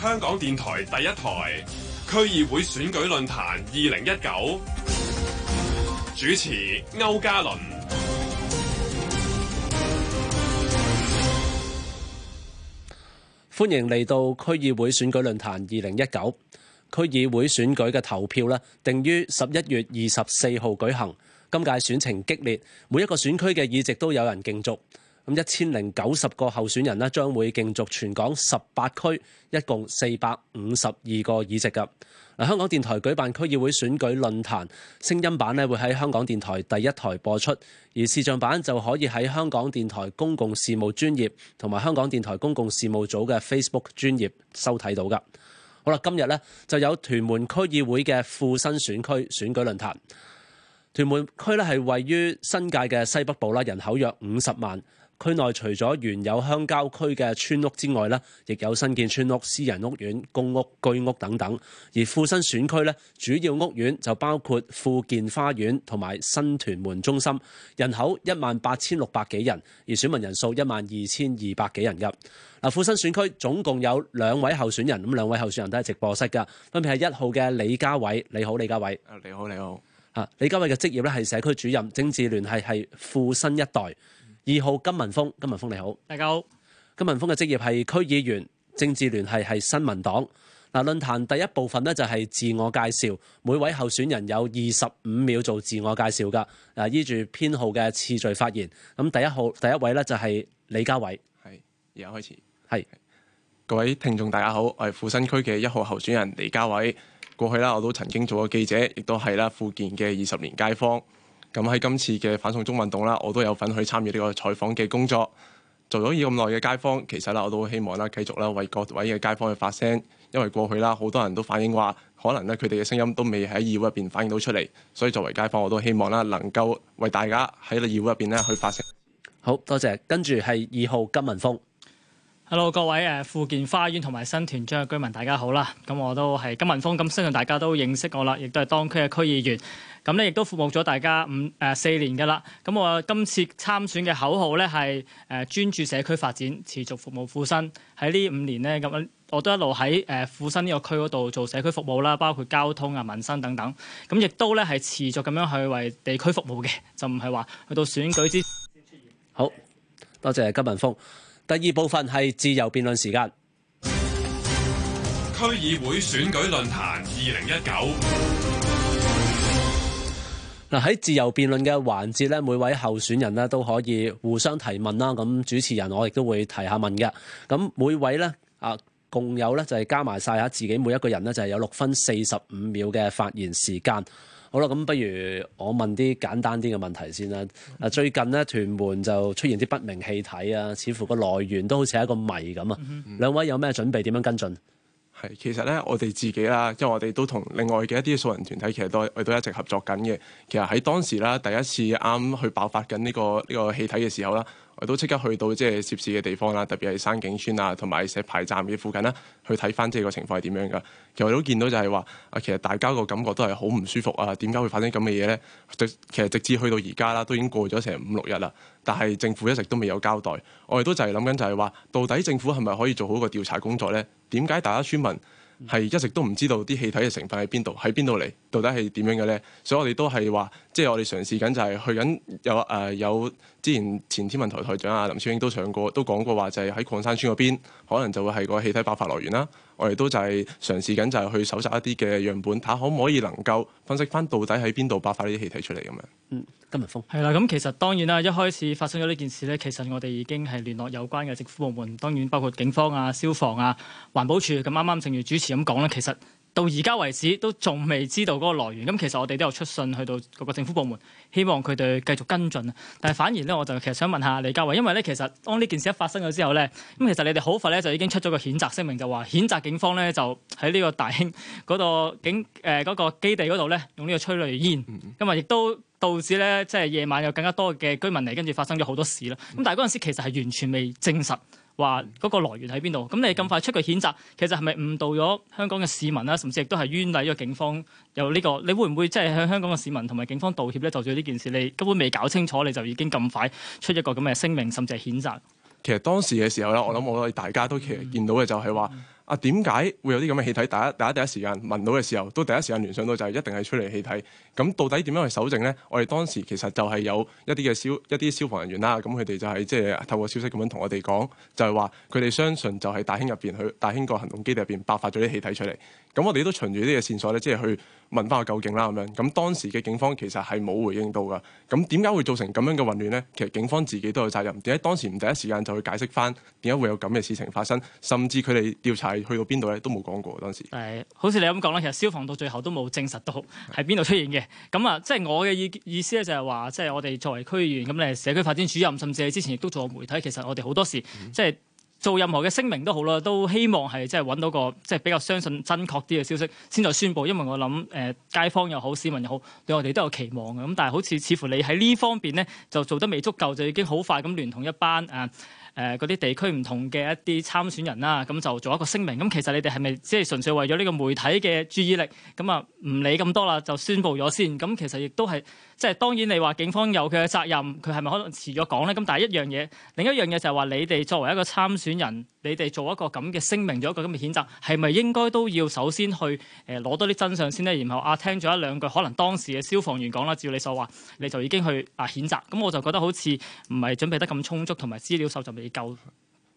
香港電台第一台區議會選舉論壇二零一九，主持歐家倫。歡迎嚟到區議會選舉論壇二零一九。區議會選舉嘅投票呢定於十一月二十四號舉行。今屆選情激烈，每一個選區嘅議席都有人競逐。咁一千零九十個候選人咧，將會競逐全港十八區，一共四百五十二個議席㗎。嗱，香港電台舉辦區議會選舉論壇，聲音版咧會喺香港電台第一台播出，而視像版就可以喺香港電台公共事務專頁同埋香港電台公共事務組嘅 Facebook 專頁收睇到㗎。好啦，今日咧就有屯門區議會嘅富新選區選舉論壇。屯門區咧係位於新界嘅西北部啦，人口約五十萬。區內除咗原有鄉郊區嘅村屋之外呢，呢亦有新建村屋、私人屋苑、公屋、居屋等等。而富新選區呢，主要屋苑就包括富健花園同埋新屯門中心，人口一萬八千六百幾人，而選民人數一萬二千二百幾人。入。嗱，富新選區總共有兩位候選人，咁兩位候選人都係直播室噶，分別係一號嘅李家偉。你好，李家偉。你好，你好。啊，李家偉嘅職業咧係社區主任，政治聯繫係富新一代。二號金文峰，金文峰你好，大家好。金文峰嘅職業係區議員，政治聯繫係新民黨。嗱，論壇第一部分呢，就係自我介紹，每位候選人有二十五秒做自我介紹噶。啊，依住編號嘅次序發言。咁第一號第一位呢，就係李家偉，係而家開始。係是各位聽眾大家好，我係富新區嘅一號候選人李家偉。過去啦，我都曾經做過記者，亦都係啦富健嘅二十年街坊。咁喺今次嘅反送中運動啦，我都有份去參與呢個採訪嘅工作，做咗咁耐嘅街坊，其實啦，我都希望啦，繼續啦為各位嘅街坊去發聲，因為過去啦好多人都反映話，可能咧佢哋嘅聲音都未喺議會入邊反映到出嚟，所以作為街坊，我都希望啦能夠為大家喺議會入邊咧去發聲。好多謝，跟住係二號金文峰。Hello，各位誒富健花園同埋新屯將嘅居民，大家好啦！咁我都係金文峰，咁相信大家都認識我啦，亦都係當區嘅區議員。咁咧，亦都服務咗大家五誒、呃、四年噶啦。咁我今次參選嘅口號咧係誒專注社區發展，持續服務富新。喺呢五年咧，咁我都一路喺誒富新呢個區嗰度做社區服務啦，包括交通啊、民生等等。咁亦都咧係持續咁樣去為地區服務嘅，就唔係話去到選舉之。好多謝，謝金文峰。第二部分係自由辯論時間。區議會選舉論壇二零一九。嗱，喺自由辯論嘅環節咧，每位候選人咧都可以互相提問啦。咁主持人我亦都會提下問嘅。咁每位咧啊，共有咧就係、是、加埋晒吓自己每一個人咧就係有六分四十五秒嘅發言時間。好啦，咁不如我問啲簡單啲嘅問題先啦。啊，最近咧屯門就出現啲不明氣體啊，似乎個來源都好似係一個謎咁啊。嗯、哼兩位有咩準備？點樣跟進？係其實咧，我哋自己啦，因、就、為、係、我哋都同另外嘅一啲素人團體其實都我哋都一直合作緊嘅。其實喺當時啦，第一次啱去爆發緊、呢、呢個呢、呢個氣體嘅時候啦。我都即刻去到即係涉事嘅地方啦，特別係山景村啊，同埋石牌站嘅附近啦，去睇翻即係個情況係點樣㗎？其實我都見到就係話，啊其實大家個感覺都係好唔舒服啊！點解會發生咁嘅嘢呢？直其實直至去到而家啦，都已經過咗成五六日啦，但係政府一直都未有交代。我哋都就係諗緊就係話，到底政府係咪可以做好個調查工作呢？點解大家村民，係一直都唔知道啲氣體嘅成分喺邊度，喺邊度嚟，到底係點樣嘅呢？所以我哋都係話，即係我哋嘗試緊就係去緊有誒有之前前天文台台長啊林超英都上過，都講過話就係喺礦山村嗰邊，可能就會係個氣體爆發來源啦。我哋都就係嘗試緊就係去搜集一啲嘅樣本，睇下可唔可以能夠分析翻到底喺邊度爆發呢啲氣體出嚟咁樣。嗯。今日復係啦，咁其實當然啦，一開始發生咗呢件事咧，其實我哋已經係聯絡有關嘅政府部門，當然包括警方啊、消防啊、環保署。咁啱啱正如主持咁講咧，其實。到而家為止都仲未知道嗰個來源，咁其實我哋都有出信去到嗰個政府部門，希望佢哋繼續跟進。但係反而咧，我就其實想問下李家偉，因為咧其實當呢件事一發生咗之後咧，咁其實你哋好快咧就已經出咗個譴責聲明，就話譴責警方咧就喺呢個大興嗰、呃嗰個警誒嗰個基地嗰度咧用呢個催淚煙，咁啊亦都導致咧即係夜晚有更加多嘅居民嚟，跟住發生咗好多事啦。咁但係嗰陣時其實係完全未證實。話嗰個來源喺邊度？咁你咁快出個譴責，其實係咪誤導咗香港嘅市民啦？甚至亦都係冤枉咗警方由呢個，你會唔會即係向香港嘅市民同埋警方道歉咧？就算呢件事，你根本未搞清楚，你就已經咁快出一個咁嘅聲明，甚至係譴責。其實當時嘅時候啦，我諗我哋大家都其實見到嘅就係話，啊點解會有啲咁嘅氣體？大家大家第一時間聞到嘅時候，都第一時間聯想到就係一定係出嚟氣體。咁到底點樣去搜證呢？我哋當時其實就係有一啲嘅消一啲消防人員啦，咁佢哋就係、是、即係透過消息咁樣同我哋講，就係話佢哋相信就係大興入邊去大興個行動基地入邊爆發咗啲氣體出嚟。咁我哋都循住呢個線索呢即係去。問翻個究竟啦咁樣，咁當時嘅警方其實係冇回應到噶。咁點解會造成咁樣嘅混亂呢？其實警方自己都有責任。點解當時唔第一時間就去解釋翻？點解會有咁嘅事情發生？甚至佢哋調查去到邊度咧都冇講過當時。係，好似你咁講啦，其實消防到最後都冇證實到係邊度出現嘅。咁啊係，即係我嘅意意思咧，就係話，即係我哋作為區議員，咁你係社區發展主任，甚至係之前亦都做過媒體，其實我哋好多時即係。嗯做任何嘅聲明都好啦，都希望係即係揾到個即係比較相信真確啲嘅消息先再宣布，因為我諗誒、呃、街坊又好市民又好，對我哋都有期望嘅。咁但係好似似乎你喺呢方面呢，就做得未足夠，就已經好快咁聯同一班誒。呃誒嗰啲地區唔同嘅一啲參選人啦，咁、啊、就做一個聲明。咁、啊、其實你哋係咪即係純粹為咗呢個媒體嘅注意力，咁啊唔理咁多啦，就宣佈咗先。咁、啊、其實亦都係即係當然你話警方有佢嘅責任，佢係咪可能遲咗講呢？咁但係一樣嘢，另一樣嘢就係、是、話你哋作為一個參選人，你哋做一個咁嘅聲明，做一個咁嘅譴責，係咪應該都要首先去誒攞多啲真相先呢？然後啊聽咗一兩句可能當時嘅消防員講啦，照你所話，你就已經去啊譴責。咁我就覺得好似唔係準備得咁充足，同埋資料收集。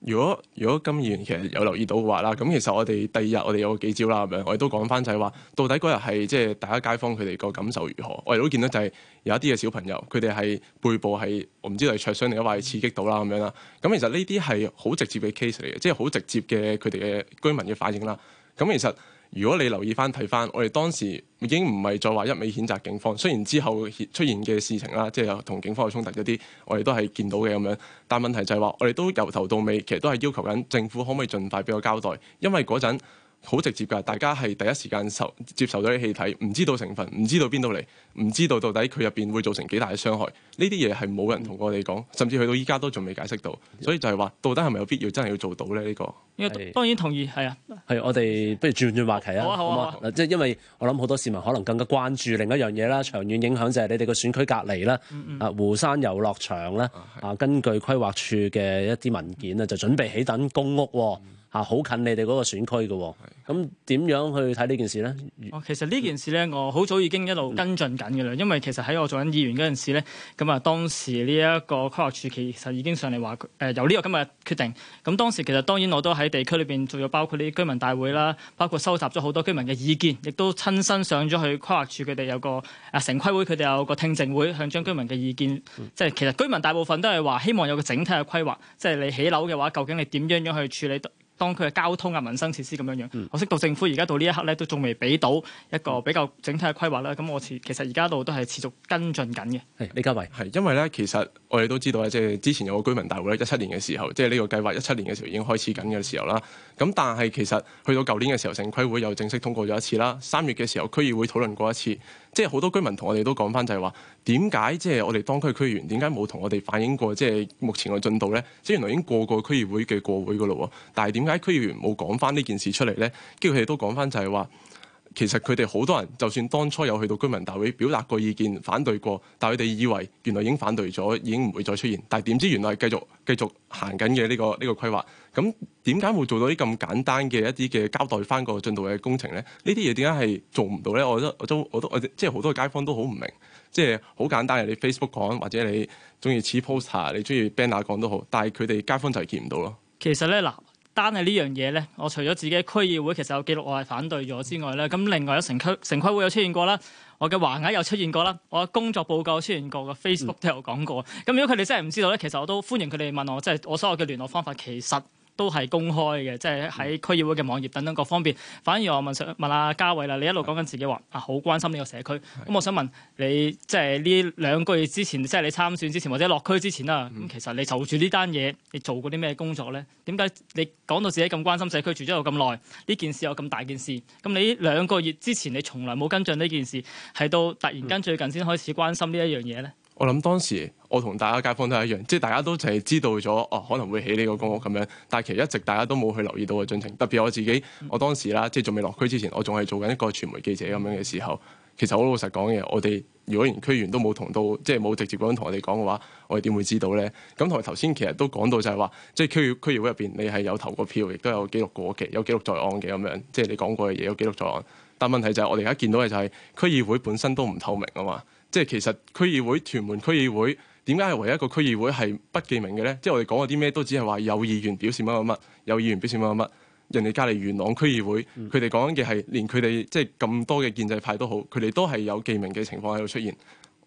如果如果金議員其實有留意到嘅話啦，咁其實我哋第二日我哋有幾招啦，咁樣我哋都講翻就係話，到底嗰日係即係大家街坊佢哋個感受如何？我哋都見到就係有一啲嘅小朋友，佢哋係背部係我唔知係灼傷定抑或係刺激到啦咁樣啦。咁其實呢啲係好直接嘅 case 嚟嘅，即係好直接嘅佢哋嘅居民嘅反應啦。咁其實。如果你留意翻睇翻，我哋當時已經唔係再話一味譴責警方，雖然之後出現嘅事情啦，即係有同警方有衝突一啲，我哋都係見到嘅咁樣。但問題就係話，我哋都由頭到尾其實都係要求緊政府可唔可以盡快俾個交代，因為嗰陣。好直接㗎，大家係第一時間受接受到啲氣體，唔知道成分，唔知道邊度嚟，唔知道到底佢入邊會造成幾大嘅傷害。呢啲嘢係冇人同我哋講，甚至去到依家都仲未解釋到。所以就係話，到底係咪有必要真係要做到呢？呢個是，當然同意，係啊，係我哋不如轉轉話題啊。好啊，好啊。即係嗎、啊啊、因為我諗好多市民可能更加關注另一樣嘢啦，長遠影響就係你哋個選區隔離啦，嗯嗯啊湖山遊樂場啦，啊，啊根據規劃處嘅一啲文件啊，就準備起等公屋。嗯嚇，好、啊、近你哋嗰個選區嘅喎，咁點樣去睇呢件事呢？其實呢件事呢，我好早已經一路跟進緊嘅啦。嗯、因為其實喺我做緊議員嗰陣時呢，咁啊當時呢一個規劃處其實已經上嚟話誒由呢個今日決定。咁當時其實當然我都喺地區裏邊，做咗包括呢啲居民大會啦，包括收集咗好多居民嘅意見，亦都親身上咗去規劃處，佢哋有個誒、呃、城規會，佢哋有個聽證會，向將居民嘅意見，即係、嗯、其實居民大部分都係話希望有個整體嘅規劃，即、就、係、是、你起樓嘅話，究竟你點樣樣去處理。當區嘅交通啊、民生設施咁樣樣，嗯、我識到政府而家到呢一刻咧，都仲未俾到一個比較整體嘅規劃啦。咁我其實而家度都係持續跟進緊嘅。係李家偉，係因為咧，其實我哋都知道咧，即係之前有個居民大會咧，一七年嘅時候，即係呢個計劃一七年嘅時候已經開始緊嘅時候啦。咁但係其實去到舊年嘅時候，城規會又正式通過咗一次啦。三月嘅時候，區議會討論過一次。即係好多居民同我哋都講翻，就係話點解即係我哋當區區議員點解冇同我哋反映過即係目前嘅進度呢？即係原來已經過過區議會嘅過會噶咯喎，但係點解區議員冇講翻呢件事出嚟呢？跟住佢哋都講翻就係話，其實佢哋好多人就算當初有去到居民大會表達過意見反對過，但係佢哋以為原來已經反對咗，已經唔會再出現，但係點知原來係繼續繼續行緊嘅呢個呢個規劃。咁點解會做到啲咁簡單嘅一啲嘅交代翻個進度嘅工程咧？呢啲嘢點解係做唔到咧？我都我都我都即係好多街坊都好唔明，即係好簡單嘅。你 Facebook 講或者你中意似 poster，你中意 banner 講都好，但係佢哋街坊就係見唔到咯。其實咧，嗱，單係呢樣嘢咧，我除咗自己區議會其實有記錄我係反對咗之外咧，咁另外有城區城規會有出現過啦，我嘅橫額又出現過啦，我嘅工作報告出現過，嘅、嗯、Facebook 都有講過。咁如果佢哋真係唔知道咧，其實我都歡迎佢哋問我，即係我所有嘅聯絡方法其實。都係公開嘅，即係喺區議會嘅網頁等等各方面。反而我問上阿嘉慧啦，你一路講緊自己話好的、啊、關心呢個社區，咁的我想問你，即係呢兩個月之前，即係你參選之前或者落區之前啦，咁的、嗯嗯、其實你就住呢單嘢，你做過啲咩工作咧？點解你講到自己咁關心社區住咗又咁耐，呢件事有咁大件事，咁你呢兩個月之前你從來冇跟進呢件事，係到突然間最近先開始關心呢一樣嘢咧？的我諗當時我同大家街坊都一樣，即係大家都淨係知道咗哦，可能會起呢個公屋咁樣，但係其實一直大家都冇去留意到嘅進程。特別我自己，我當時啦，即係仲未落區之前，我仲係做緊一個傳媒記者咁樣嘅時候，其實好老實講嘅，我哋如果連區員都冇同到，即係冇直接咁樣同我哋講嘅話，我哋點會知道呢？咁同埋頭先其實都講到就係話，即係區區議會入邊面你係有投過票，亦都有記錄過嘅，有記錄在案嘅咁樣，即係你講過嘅嘢有記錄在案。但問題就係我哋而家見到嘅就係區議會本身都唔透明啊嘛。即係其實區議會，屯門區議會點解係唯一一個區議會係不記名嘅呢？即係我哋講嗰啲咩都只係話有議員表示乜乜乜，有議員表示乜乜乜。人哋隔離元朗區議會，佢哋講嘅係連佢哋即係咁多嘅建制派都好，佢哋都係有記名嘅情況喺度出現。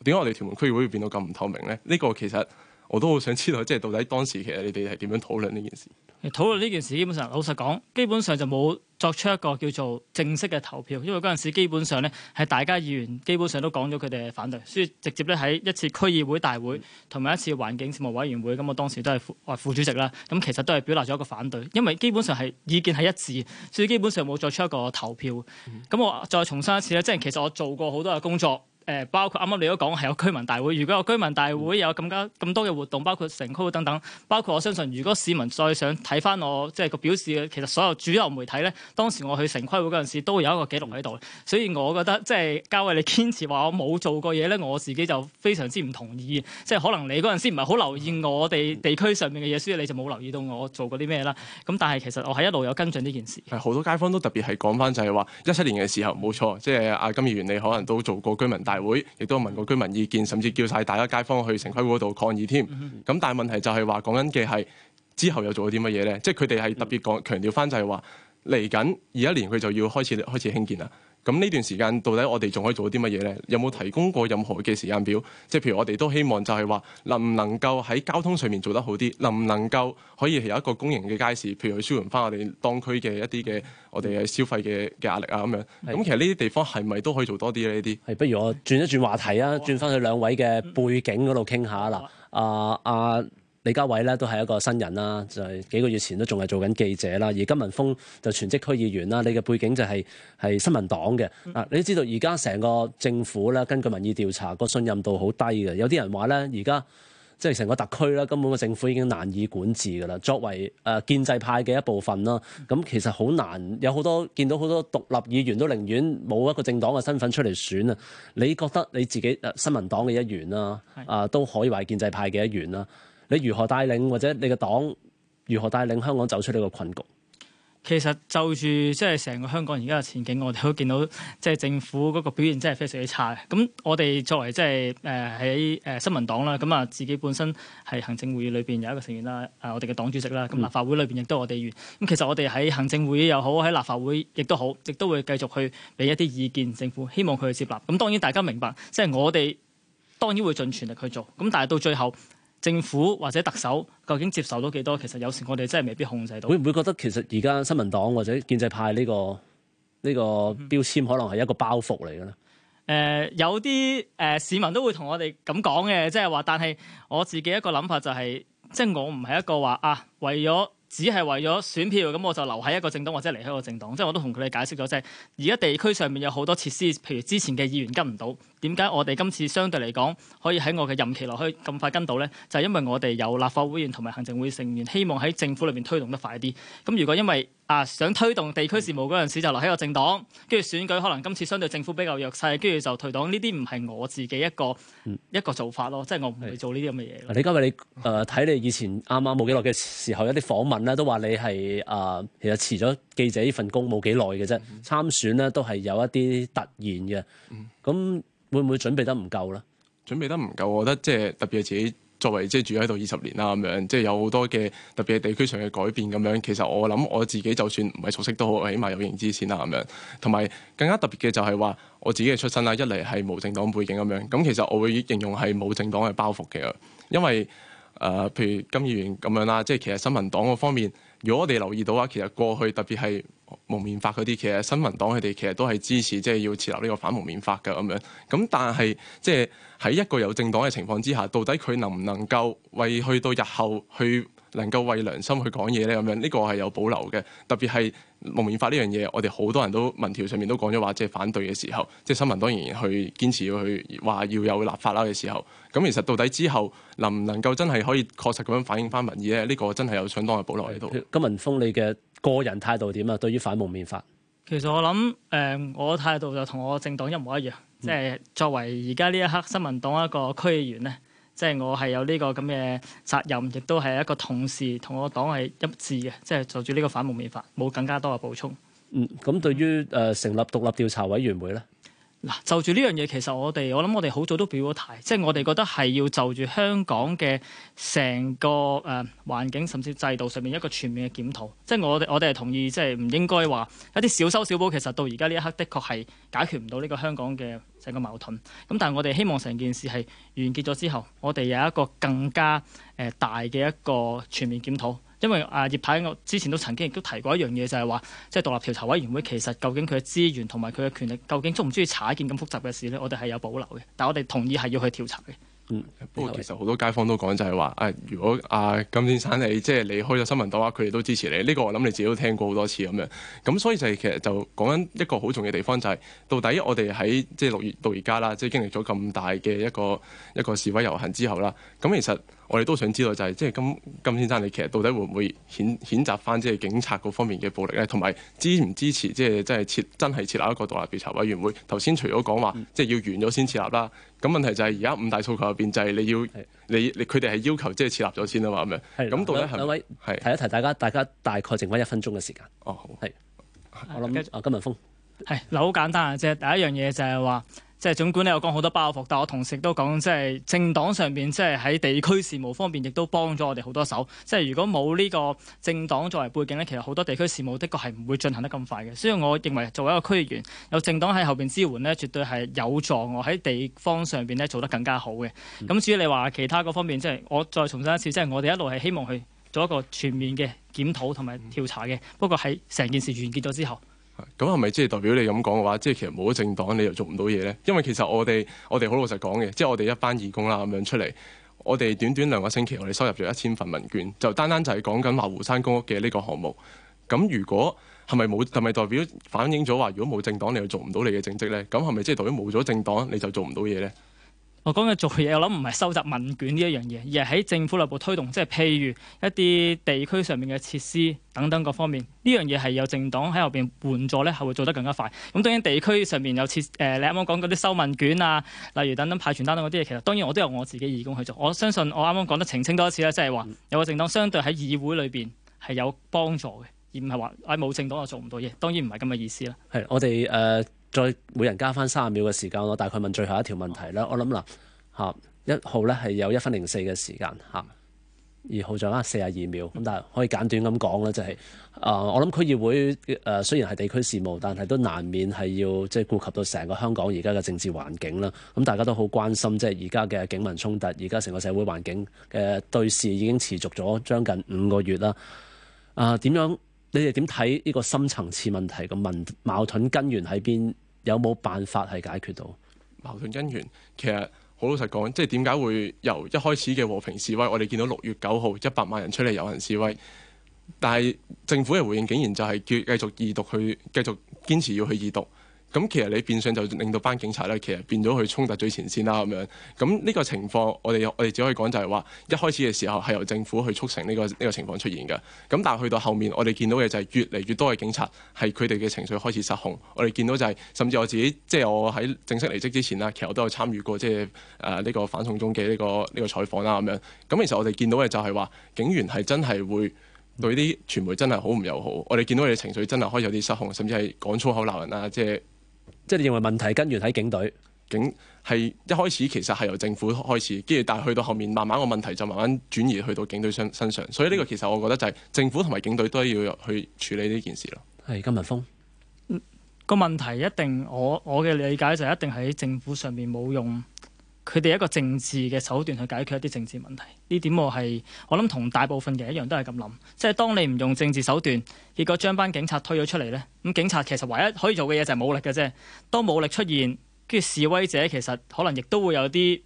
點解我哋屯門區議會會變到咁唔透明呢？呢個其實我都好想知道，即係到底當時其實你哋係點樣討論呢件事？討論呢件事基本上，老實講，基本上就冇作出一個叫做正式嘅投票，因為嗰陣時基本上咧，係大家議員基本上都講咗佢哋嘅反對，所以直接咧喺一次區議會大會同埋一次環境事務委員會，咁我當時都係副副主席啦，咁其實都係表達咗一個反對，因為基本上係意見係一致，所以基本上冇作出一個投票。咁我再重申一次咧，即係其實我做過好多嘅工作。誒，包括啱啱你都講係有居民大會，如果有居民大會有更加咁多嘅活動，包括城區等等，包括我相信，如果市民再想睇翻我即係、就是、個表示嘅，其實所有主流媒體呢，當時我去城規會嗰陣時都會有一個記錄喺度。所以，我覺得即係嘉偉你堅持話我冇做過嘢呢，我自己就非常之唔同意。即係可能你嗰陣時唔係好留意我哋地區上面嘅嘢，所以你就冇留意到我做過啲咩啦。咁但係其實我係一路有跟進呢件事。好多街坊都特別係講翻就係、是、話，一七年嘅時候冇錯，即係阿金議員你可能都做過居民大會亦都有問過居民意見，甚至叫晒大家街坊去城規會度抗議添。咁、mm hmm。但係問題就係話，講緊嘅係之後又做咗啲乜嘢呢？即係佢哋係特別講強調翻，就係話嚟緊二一年佢就要開始開始興建啦。咁呢段時間到底我哋仲可以做啲乜嘢呢？有冇提供過任何嘅時間表？即係譬如我哋都希望就係話，能唔能夠喺交通上面做得好啲？能唔能夠可以有一個公營嘅街市，譬如去舒緩翻我哋當區嘅一啲嘅我哋嘅消費嘅嘅壓力啊，咁樣。咁是其實呢啲地方係咪都可以做多啲呢啲係，不如我轉一轉話題啊，轉翻去兩位嘅背景嗰度傾下啦。啊啊、嗯！呃呃李家偉咧都係一個新人啦，就係幾個月前都仲係做緊記者啦。而金文峰就全職區議員啦。你嘅背景就係、係、係新民黨嘅啊。你都知道而家成個政府咧，根據民意調查個信任度好低嘅。有啲人話咧，而家即係成個特區啦，根本個政府已經難以管治噶啦。作為誒建制派嘅一部分啦，咁其實好難有好多見到好多獨立議員都寧願冇一個政黨嘅身份出嚟選啊。你覺得你自己誒新民黨嘅一員啦，啊都可以話係建制派嘅一員啦。你如何帶領，或者你嘅黨如何帶領香港走出呢個困局？其實就住即係成個香港而家嘅前景，我哋都見到，即係政府嗰個表現真係非常之差嘅。咁我哋作為即係誒喺誒新聞黨啦，咁啊自己本身係行政會議裏邊有一個成員啦，啊、呃、我哋嘅黨主席啦，咁立法會裏邊亦都係我哋員。咁、嗯、其實我哋喺行政會議又好，喺立法會亦都好，亦都會繼續去俾一啲意見政府，希望佢去接納。咁當然大家明白，即、就、係、是、我哋當然會盡全力去做。咁但係到最後，政府或者特首究竟接受到幾多？其實有時我哋真係未必控制到。會唔會覺得其實而家新民黨，或者建制派呢、呢個呢、呢個標籤可能係一個包袱嚟嘅咧？誒、嗯呃，有啲誒、呃、市民都會同我哋咁講嘅，即係話，但係我自己一個諗法就係、是，即、就、係、是、我唔係一個話啊，為咗。只係為咗選票，咁我就留喺一個政黨或者離開一個政黨，即係我都同佢哋解釋咗，即係而家地區上面有好多設施，譬如之前嘅議員跟唔到，點解我哋今次相對嚟講可以喺我嘅任期內可以咁快跟到咧？就係因為我哋有立法會議員同埋行政會成員，希望喺政府裏面推動得快啲。咁如果因為啊！想推動地區事務嗰陣時，就留喺個政黨，跟住選舉可能今次相對政府比較弱勢，跟住就退黨。呢啲唔係我自己一個、嗯、一個做法咯，即係我唔會做呢啲咁嘅嘢。你今日你誒睇、呃、你以前啱啱冇幾耐嘅時候有啲訪問咧，都話你係啊，其實辭咗記者呢份工冇幾耐嘅啫，嗯、參選咧都係有一啲突然嘅。咁會唔會準備得唔夠咧？準備得唔夠，我覺得即係特別係自己。作為即係住喺度二十年啦，咁樣即係有好多嘅特別嘅地區上嘅改變咁樣。其實我諗我自己就算唔係熟悉都好，起碼有認知先啦，咁樣。同埋更加特別嘅就係話我自己嘅出身啦，一嚟係無政黨背景咁樣。咁其實我會形容係冇政黨嘅包袱嘅，因為誒、呃，譬如金議員咁樣啦，即係其實新民黨嗰方面，如果我哋留意到啊，其實過去特別係。蒙面法嗰啲，其實新民黨佢哋其實都係支持，即係要設立呢個反蒙面法嘅咁樣。咁但係，即係喺一個有政黨嘅情況之下，到底佢能唔能夠為去到日後去？能夠為良心去講嘢呢？咁樣呢個係有保留嘅。特別係蒙面法呢樣嘢，我哋好多人都民調上面都講咗話，即係反對嘅時候，即係新民黨當然去堅持要去話要有立法啦嘅時候。咁其實到底之後能唔能夠真係可以確實咁樣反映翻民意呢？呢、這個真係有相當嘅保留喺度。甘文鋒，你嘅個人態度點啊？對於反蒙面法，其實我諗誒、呃，我態度就同我政黨一模一樣，即係、嗯、作為而家呢一刻新民黨一個區議員呢。即係我係有呢個咁嘅責任，亦都係一個同事同我黨係一致嘅，即係做住呢個反蒙面法，冇更加多嘅補充。嗯，咁對於誒成立獨立調查委員會咧？嗱，就住呢樣嘢，其實我哋我諗我哋好早都表咗態，即係我哋覺得係要就住香港嘅成個誒環境，甚至制度上面一個全面嘅檢討。即係我哋我哋係同意，即係唔應該話一啲小修小補。其實到而家呢一刻，的確係解決唔到呢個香港嘅成個矛盾。咁、嗯、但係我哋希望成件事係完結咗之後，我哋有一個更加誒、呃、大嘅一個全面檢討。因為啊葉太我之前都曾經亦都提過一樣嘢，就係話即係獨立調查委員會其實究竟佢嘅資源同埋佢嘅權力，究竟中唔中意查一件咁複雜嘅事呢？我哋係有保留嘅，但係我哋同意係要去調查嘅。嗯，不過其實好多街坊都講就係話啊，如果啊金先生、嗯、你即係你開咗新聞台，佢哋都支持你。呢個我諗你自己都聽過好多次咁樣。咁所以就係其實就講緊一個好重要地方，就係到底我哋喺即係六月到而家啦，即係經歷咗咁大嘅一個一個示威遊行之後啦，咁其實。我哋都想知道，就係即係金金先生，你其實到底會唔會譴譴責翻即係警察嗰方面嘅暴力咧？同埋支唔支持即係即係設真係設立一個獨立調查委員會？頭先除咗講話，即係要完咗先設立啦。咁問題就係而家五大訴求入邊就係你要的你佢哋係要求即係設立咗先啦嘛？咁樣，咁到底係兩位係提一提大家，大家大概剩翻一分鐘嘅時間。哦，好，係我諗啊，金文峰，係嗱，好簡單啊，即係第一樣嘢就係話。即係總管你有講好多包袱，但我同時都講，即係政黨上邊即係喺地區事務方面亦都幫咗我哋好多手。即係如果冇呢個政黨作為背景呢，其實好多地區事務的確係唔會進行得咁快嘅。所以我認為作為一個區議員，有政黨喺後邊支援呢，絕對係有助我喺地方上邊咧做得更加好嘅。咁至於你話其他嗰方面，即係我再重申一次，即係我哋一路係希望去做一個全面嘅檢討同埋調查嘅。不過喺成件事完結咗之後。咁係咪即係代表你咁講嘅話，即係其實冇咗政黨，你又做唔到嘢呢？因為其實我哋我哋好老實講嘅，即係我哋一班義工啦、啊，咁樣出嚟，我哋短短兩個星期，我哋收入咗一千份文卷，就單單就係講緊話湖山公屋嘅呢個項目。咁如果係咪冇，係咪代表反映咗話，如果冇政黨，你又做唔到你嘅政績呢？咁係咪即係代表冇咗政黨你就做唔到嘢呢？我講嘅做嘢，我諗唔係收集問卷呢一樣嘢，而係喺政府內部推動，即係譬如一啲地區上面嘅設施等等各方面，呢樣嘢係有政黨喺後邊援助咧，係會做得更加快。咁當然地區上面有設誒、呃，你啱啱講嗰啲收問卷啊，例如等等派傳單等嗰啲嘢，其實當然我都有我自己義工去做。我相信我啱啱講得澄清多一次啦，即係話有個政黨相對喺議會裏邊係有幫助嘅，而唔係話喺冇政黨我做唔到嘢。當然唔係咁嘅意思啦。係我哋誒。Uh 再每人加翻卅秒嘅時間咯，大概問最後一條問題啦。我諗嗱，嚇一號咧係有一分零四嘅時間嚇，二號仲有四十二秒，咁但係可以簡短咁講啦，就係、是、啊、呃，我諗區議會誒、呃、雖然係地區事務，但係都難免係要即係顧及到成個香港而家嘅政治環境啦。咁大家都好關心即係而家嘅警民衝突，而家成個社會環境嘅對峙已經持續咗將近五個月啦。啊、呃，點樣？你哋點睇呢個深層次問題嘅文矛盾根源喺邊？有冇辦法係解決到矛盾根源？其實好老實講，即係點解會由一開始嘅和平示威，我哋見到六月九號一百萬人出嚟遊行示威，但係政府嘅回應竟然就係叫繼續二讀去，繼續堅持要去二讀。咁其實你變相就令到班警察咧，其實變咗去衝突最前線啦咁樣，咁呢個情況，我哋我哋只可以講就係話一開始嘅時候係由政府去促成呢個呢個情況出現嘅。咁但係去到後面，我哋見到嘅就係越嚟越多嘅警察係佢哋嘅情緒開始失控。我哋見到就係甚至我自己即係我喺正式離職之前啦，其實我都有參與過，即係誒呢個反送中嘅呢個呢個採訪啦咁樣，咁其實我哋見到嘅就係話警員係真係會對啲傳媒真係好唔友好。我哋見到佢哋情緒真係開始有啲失控，甚至係講粗口鬧人啊，即係。即係你認為問題根源喺警隊？警係一開始其實係由政府開始，跟住但係去到後面，慢慢個問題就慢慢轉移去到警隊身上。所以呢個其實我覺得就係政府同埋警隊都要去處理呢件事咯。係金文峰，嗯嗰個問題一定我我嘅理解就係一定喺政府上面冇用。佢哋一個政治嘅手段去解決一啲政治問題，呢點我係我諗同大部分人一樣都係咁諗，即係當你唔用政治手段，結果將班警察推咗出嚟呢，咁警察其實唯一可以做嘅嘢就係武力嘅啫。當武力出現，跟住示威者其實可能亦都會有啲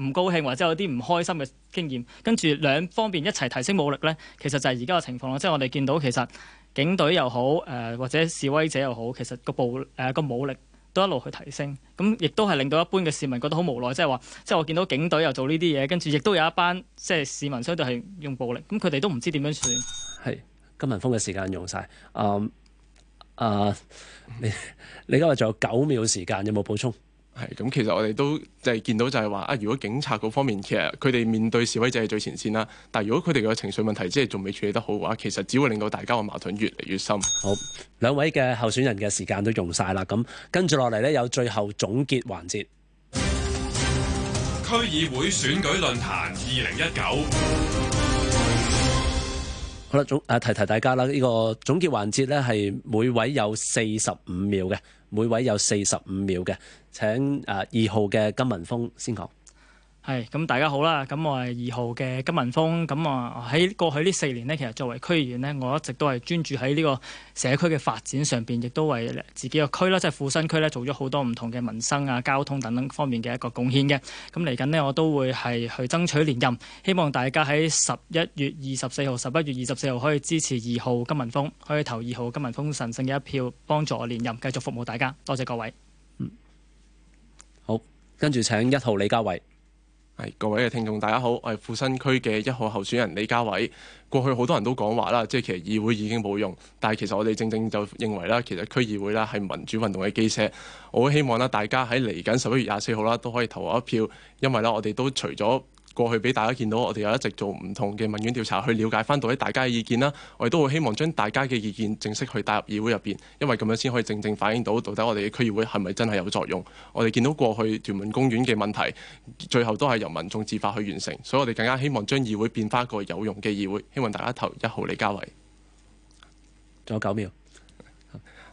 唔高興或者有啲唔開心嘅經驗，跟住兩方面一齊提升武力呢，其實就係而家嘅情況啦。即係我哋見到其實警隊又好，誒、呃、或者示威者又好，其實個暴、呃、武力，都一路去提升，咁亦都係令到一般嘅市民覺得好無奈，即係話，即係我見到警隊又做呢啲嘢，跟住亦都有一班即係市民相對係用暴力，咁佢哋都唔知點樣算。係金文峰嘅時間用晒，啊、嗯、啊、嗯，你你今日仲有九秒時間，有冇補充？係咁，其實我哋都就係見到，就係話啊。如果警察嗰方面，其實佢哋面對示威者係最前線啦。但係如果佢哋嘅情緒問題，即係仲未處理得好嘅話，其實只會令到大家嘅矛盾越嚟越深。好，兩位嘅候選人嘅時間都用晒啦。咁跟住落嚟呢，有最後總結環節。區議會選舉論壇二零一九。好啦，總提提大家啦。呢個總結環節呢，係每位有四十五秒嘅。每位有四十五秒嘅。請誒二號嘅金文峰先講。係咁、嗯，大家好啦。咁我係二號嘅金文峰。咁啊喺過去呢四年呢，其實作為區議員呢，我一直都係專注喺呢個社區嘅發展上邊，亦都為自己個區啦，即係富新區咧，做咗好多唔同嘅民生啊、交通等等方面嘅一個貢獻嘅。咁嚟緊呢，我都會係去爭取連任，希望大家喺十一月二十四號，十一月二十四號可以支持二號金文峰，可以投二號金文峰神聖嘅一票，幫助我連任，繼續服務大家。多謝各位。嗯、好，跟住請一號李家衞。係各位嘅聽眾，大家好。我係富新區嘅一號候選人李家偉。過去好多人都講話啦，即係其實議會已經冇用，但係其實我哋正正就認為啦，其實區議會啦係民主運動嘅基石。我好希望啦，大家喺嚟緊十一月廿四號啦都可以投我一票，因為啦，我哋都除咗。過去俾大家見到，我哋又一直做唔同嘅問卷調查，去了解翻到底大家嘅意見啦。我哋都會希望將大家嘅意見正式去帶入議會入邊，因為咁樣先可以正正反映到到底我哋嘅區議會係咪真係有作用。我哋見到過去屯門公園嘅問題，最後都係由民眾自發去完成，所以我哋更加希望將議會變翻一個有用嘅議會。希望大家投一號李家偉，仲有九秒，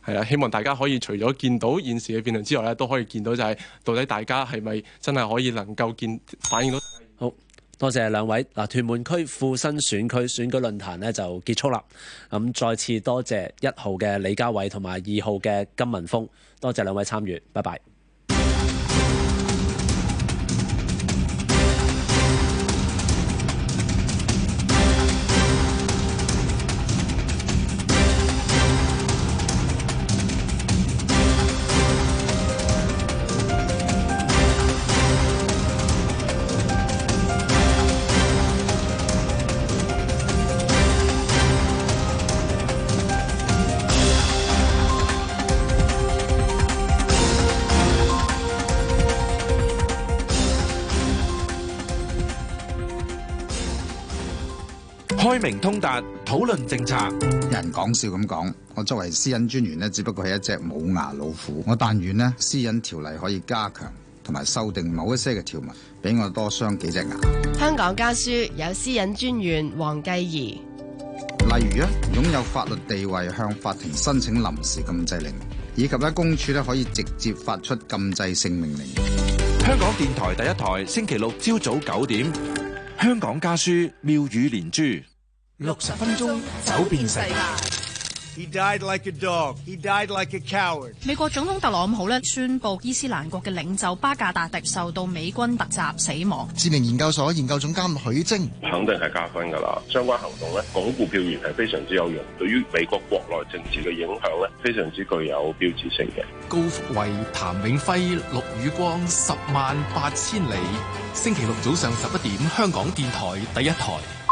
係啦，希望大家可以除咗見到現時嘅辯論之外咧，都可以見到就係到底大家係咪真係可以能夠見反映到。好多謝兩位嗱，屯門區富新選區選舉論壇咧就結束啦。咁再次多謝一號嘅李家偉同埋二號嘅金文峰。多謝兩位參與，拜拜。居民通達討論政策，有人講笑咁講，我作為私隱專員呢，只不過係一隻冇牙老虎。我但願呢，私隱條例可以加強同埋修訂某一些嘅條文，俾我多鑲幾隻牙。香港家書有私隱專員黃繼兒。繼例如啊，擁有法律地位向法庭申請臨時禁制令，以及咧公署咧可以直接發出禁制性命令。香港電台第一台星期六朝早九點，香港家書妙語連珠。六十分鐘走遍世界。美國總統特朗普呢，宣布伊斯蘭國嘅領袖巴格達迪受到美軍突襲死亡。智明研究所研究總監許晶，肯定係加分噶啦。相關行動呢鞏固表現，係非常之有用。對於美國國內政治嘅影響呢，非常之具有標誌性嘅。高福衛、譚永輝、陸宇光十萬八千里。星期六早上十一點，香港電台第一台。